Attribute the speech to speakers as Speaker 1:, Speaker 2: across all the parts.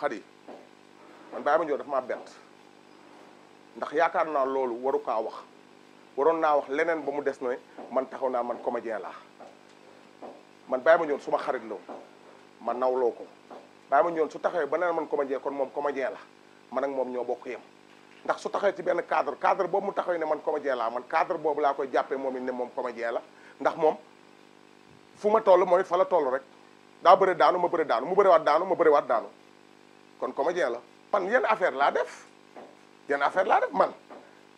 Speaker 1: xar yi man Baye Mandione dafa maa bett ndax yaakaar naa loolu waru kaa wax waroon naa wax leneen ba mu des ne man taxaw naa man comédien laa man Baye Mandione su ma xarit la man nawloo ko Baye Mandione su taxawee ba ne man comédien kon moom comédien la man ak moom ñoo bokk yem ndax su taxee ci benn cadre cadre boobu mu taxawee ne man comédien laa man cadre boobu laa koy jàppee moom it ne moom comédien la ndax moom fu ma toll mooy fa la toll rek daa bëre daanu ma bëre daanu mu bëre waat daanu ma bëre waat daanu kon comédien la man yenn affaire laa def yenn affaire laa def man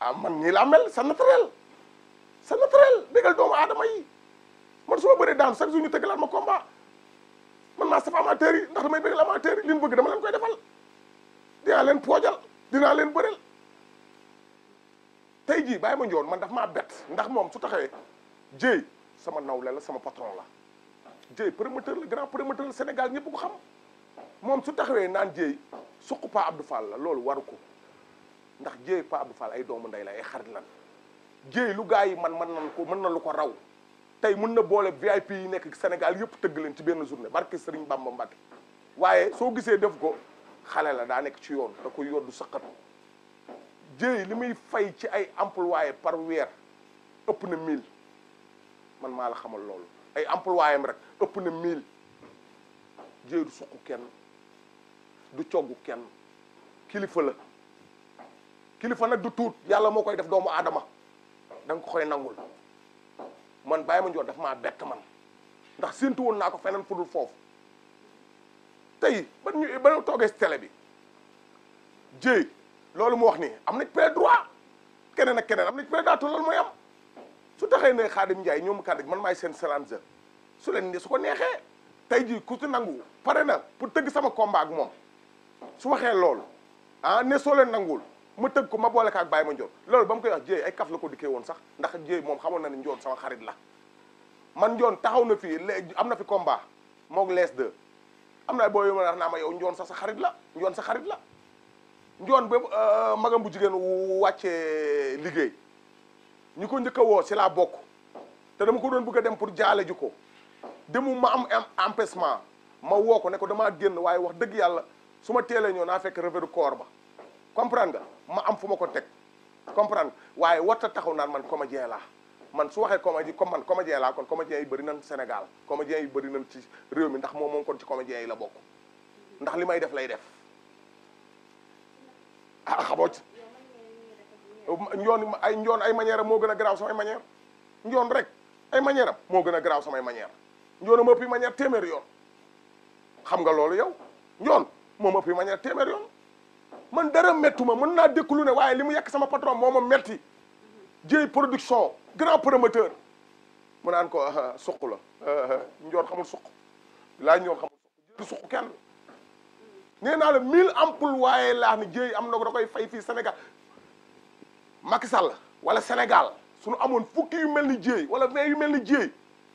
Speaker 1: ah man ñii laa mel sa naturel c'est naturel déggal doomu aadama yi man su ma bëree daan chaque jour ñu tëggal ma combat man maa saf amateur yi ndax damay bëggal amateur yi li ñu bëgg dama leen koy defal dinaa leen poojal dinaa leen bëreel tey jii bàyyi ma njoon man daf maa bett ndax moom su taxawee jéy sama nawle la sama patron la jéy promoteur la grand promoteur la Sénégal ñëpp ko xam moom su taxawee naan jéey suqu Pa Abdou Fall la loolu waru ko ndax jéey Pa Abdou Fall ay doomu ndey la ay xarit lan jéey lu gaa yi man mën nan ko mën na lu ko raw tey mën na boole VIP yi nekk Sénégal yëpp tëgg leen ci benn journée barke Sëriñ Bamba Mbàkke waaye soo gisee def ko xale la daa nekk ci yoon da ko yoddu saqatu jéey li muy fay ci ay employé par weer ëpp na miil man maa la xamal loolu ay employé am rek ëpp na miil jéey du suq kenn du coggu kenn kilifa la kilifa nag du tuut yàlla moo koy def doomu aadama da nga ko koy nangul man bàyyi ma njoon daf maa bett man ndax séntu woon naa ko feneen fudul foofu tey ba ñu ba toogee si tele bi jéy loolu mu wax nii am nañ plein droit keneen ak keneen am nañ plein droit te mooy am su taxee ne Xaadim Njaay ñoom kàddu man maay seen challenger su leen su ko neexee tey jii ku ci nangu pare na pour tëgg sama combat ak moom su waxee loolu ah ne soo leen nanguwul ma tëgg ko ma boole ko ak Baye Mandione loolu ba mu koy wax Dieye ay kaf la ko dikkee woon sax ndax Dieye moom xamoon na ne Ndione sama xarit la man Ndione taxaw na fii léegi am na fi combat moog les deux am boo yu naa ma yow Ndione sax sa xarit la Ndione sa la Ndione ba euh, magam bu jigéen wu wàcce liggéey ñu ko njëkk woo si laa bokk te dama ko doon bëgg a dem pour jaale ju ko demu ma am empêchement ma woo ko ne ko damaa génn waaye wax dëgg yàlla su ma teelee ñëw naa fekk revers du corps ba comprendre nga ma am fu ma ko teg comprendre waaye warta taxaw naan man comédien laa man su waxee comédie comme man comédien laa kon comédien yi bari nañ Sénégal comédien yi bëri nañ ci réew mi ndax moom moom kon ci comédien yi la bokk ndax li may def lay def ah, ah xamoo ci njoon ay njoon ay manière moo gën a garaaw samay manière njoon rek ay manière moo gën a garaaw samay manière njoon a mëpp manière téeméer yoon xam nga loolu yow njoon moom ëpp yi manière téeméer yoon man dara méttu ma mën naa dékkulu ne waaye li mu yekk sama patron moo ma metti jéy production grand promoteur mu naan ko ah, ah, suq la ah, njoor xamul suq laa njoor xamul suq kenn nee la mille emplois waaye laax ni jéy am na ko da fay fii Sénégal Macky Sall wala Sénégal suñu amoon fukki yu mel ni jéy wala vingt yu mel ni jéy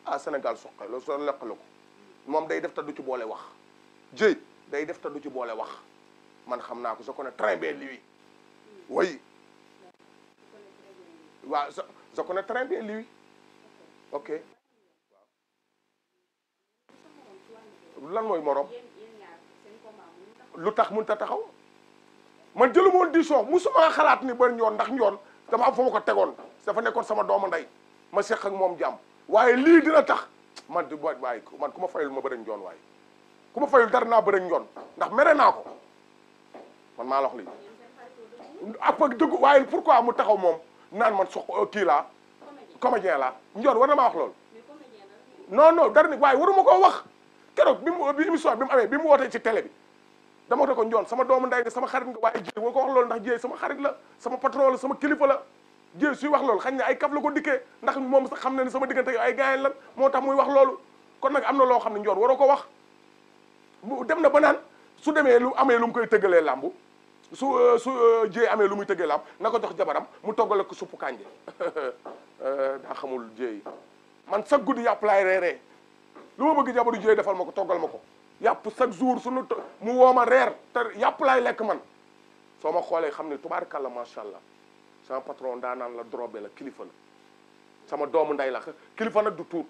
Speaker 1: ah Sénégal suqe loolu soo lekk la moom day def ta du ci boole wax jéy day def te du ci boole wax man xam naa ko je connais très bien lui oui waaw je connais très bien lui ok lan mooy morom lu tax mun ta taxaw man jëlu moon disoo musuma xalaat ni ba ñoon ndax ñoon dama am fu ma ko tegoon dafa nekkoon sama doomu ndey ma seq ak moom jàmm waaye lii dina tax man du waaye man ku ma fayal ma bëri ñoon waaye ku ma fayul dara naa bëri ak yoon ndax mere naa ko man maa la wax lii ak dëgg waaye pourquoi mu taxaw moom naan man sox kii laa comédien laa njoon war na maa wax loolu non non dara ni waaye waruma koo wax keroog bi mu bi émission bi mu amee bi mu wootee ci télé dama ko ko njoon doomu ndey nga sama xarit nga waaye jéy loolu ndax jéy sama xarit la sama patron la sama kilifa la jéy suy wax loolu xañ ne ay kaf la ko dikkee ndax moom sax xam na ne sama diggante ay gaayen lan moo tax muy wax loolu kon nag am na loo xam ne njoon waroo ko wax mu dem na ba naan su demee lu amee lu mu koy tëggalee làmbu su euh, su jéey euh, amee lu muy tëggee làmb na ko jox jabaram mu toggal ko suppu kànje euh, daa xamul jéey man chaque gudd yàpp laay reeree lu ma bëgg jabaru jéey defal ma ko toggal ma ko yàpp chaque jour suñu mu woo ma reer te yàpp laay lekk man soo ma xoolee xam ne tubaarkàlla macha allah sama patron daa naan la drobe la kilifa la sama doomu nday la kilifa nag du tuut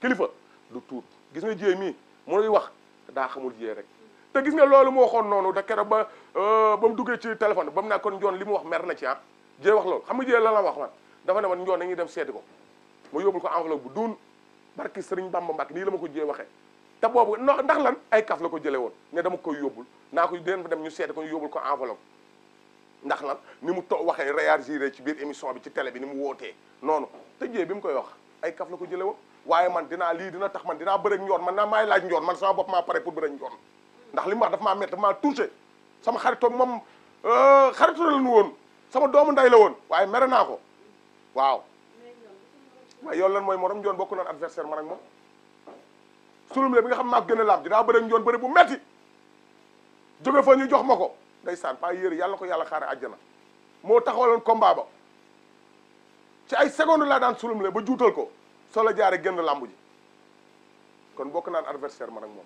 Speaker 1: kilifa du tuut gis nga jéey mii mu nuy wax daa xamul yee rek te gis nga loolu mu waxoon noonu da keroog ba euh, ba mu duggee ci téléphone ba mu nekkoon njoon li mu wax mer na ci ah jee wax loolu xam nga jee la la wax man dafa ne man njoon dañuy dem seeti ko ma yóbbul ko enveloppe bu duun barki Sëriñ Bamba Mbàkke nii la ma ko jee waxee te boobu no ndax lan ay kaf la ko jële woon ne dama koy yóbbul naa ko den fa dem ñu seeti ko ñu yóbbul ko enveloppe ndax lan ni mu to waxee réagir ci biir émission bi ci télé bi ni mu wootee noonu te jee bi mu koy wax ay kaf la ko jële woon waaye man dinaa lii dina tax man dinaa bëre ak njoon man naa maay laaj njoon man sama bopp maa pare pour bëre ak njoon ndax li mu wax dafa maa métti dafa maa touché sama xaritoog moom euh, xaritu la woon sama doomu nday la woon waaye mere naa ko waaw waaye yoon lan mooy morom njoon bokku loon adversaire ma ak moom sulum bi nga xam maa gën a laam ji daa bëre ak njoon bëri bu metti jóge fa ñu jox ma ko ndeysaan paa yére yàlla ko yàlla xaare àjjana moo taxawaloon combat ba ci ay laa daan sulum le ba juutal ko solo la jaaree génn làmb ji kon bokk naan adversaire man ak mom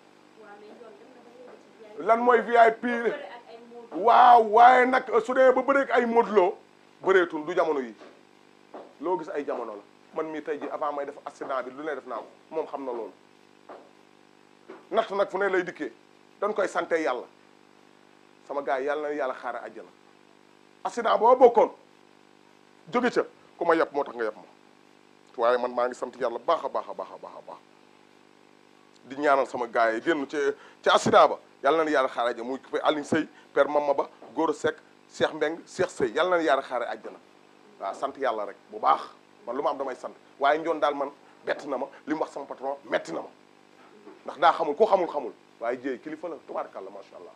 Speaker 1: lan moy VIP waaw waye nak su dee ba ak ay modloo bëreetul du jamono yi lo gis ay jamono la man mi tay ji avant may def accident bi lu ne def naa mom xamna lool na nak fu lay dikkee dañ koy santé yalla sama gaay yalla na yalla xara aljana accident bo bokkon jóge ca kuma ma motax nga yàpp mo waaye man maa ngi sant yàlla baax a baax a baax a baax baax di ñaanal sama gaay yi génn ci ci accident ba yàlla na yàlla xaare àjjana muy Alioune Seye Père Mama Ba Gora Seck Cheikh Mbeng Cheikh Seye yàlla na yàlla xaare àjjana waa sant yàlla rek bu baax man lu ma am damay sant waaye njoon daal man bett na ma li mu wax sama patron metti na ma ndax daa xamul ku xamul xamul waaye jéey kilifa la tubaarkàlla macha allah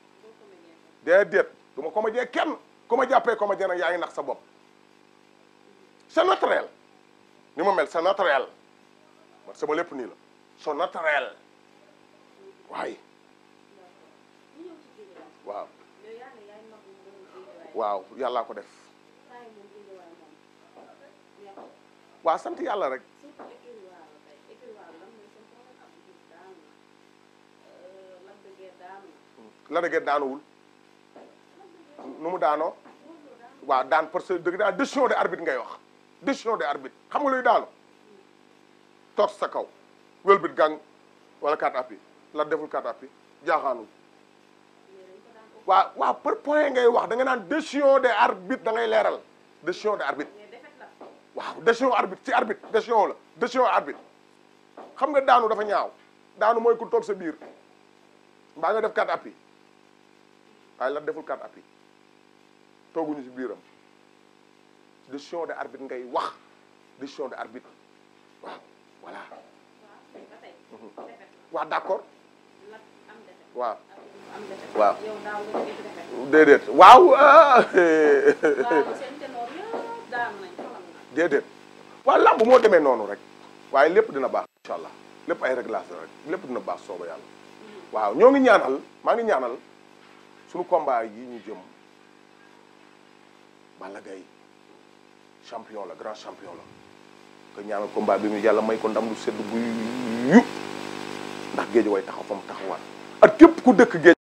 Speaker 1: déedéet du ma comédien kenn ku ma jàppee comédien nag yaa ngi nax sa bopp ni ma mel c'est naturel man sama lépp nii la c'est naturel waaye waaw waaw ko def waa sant yàlla rek la dëgg daanuwul nu mu daanoo waaw daan parce que dëgg daan décision de arbitre ngay wax décision de arbitres xam nga luy dal tok sa kaw bit gang wala carte api la deful carte api wah wa wa par point ngay wax da nga naan décision des arbitres da ngay leral décision des arbitres wa décision arbitre ci arbitre décision la décision arbitre xam nga daanu dafa ñaaw daanu moy ku tok sa bir ba nga def carte api ay la deful carte api toguñu si biram décision de arbitre wax décision de arbitre waaw voilà waaw moo demee noonu rek waaye lépp dina baax incha allah lépp ay réglage rek lépp dina baax sooba yàlla mm-hmm. waaw ñoo ngi ñaanal maa ngi ñaanal suñu combat yi ñu jëm Balla Gaye champion la grand champion la ko ñaanal combat bi mu yàlla may ko ndam lu sedd bu ndax géej way taxaw fa mu taxawaan ak képp ku dëkk géej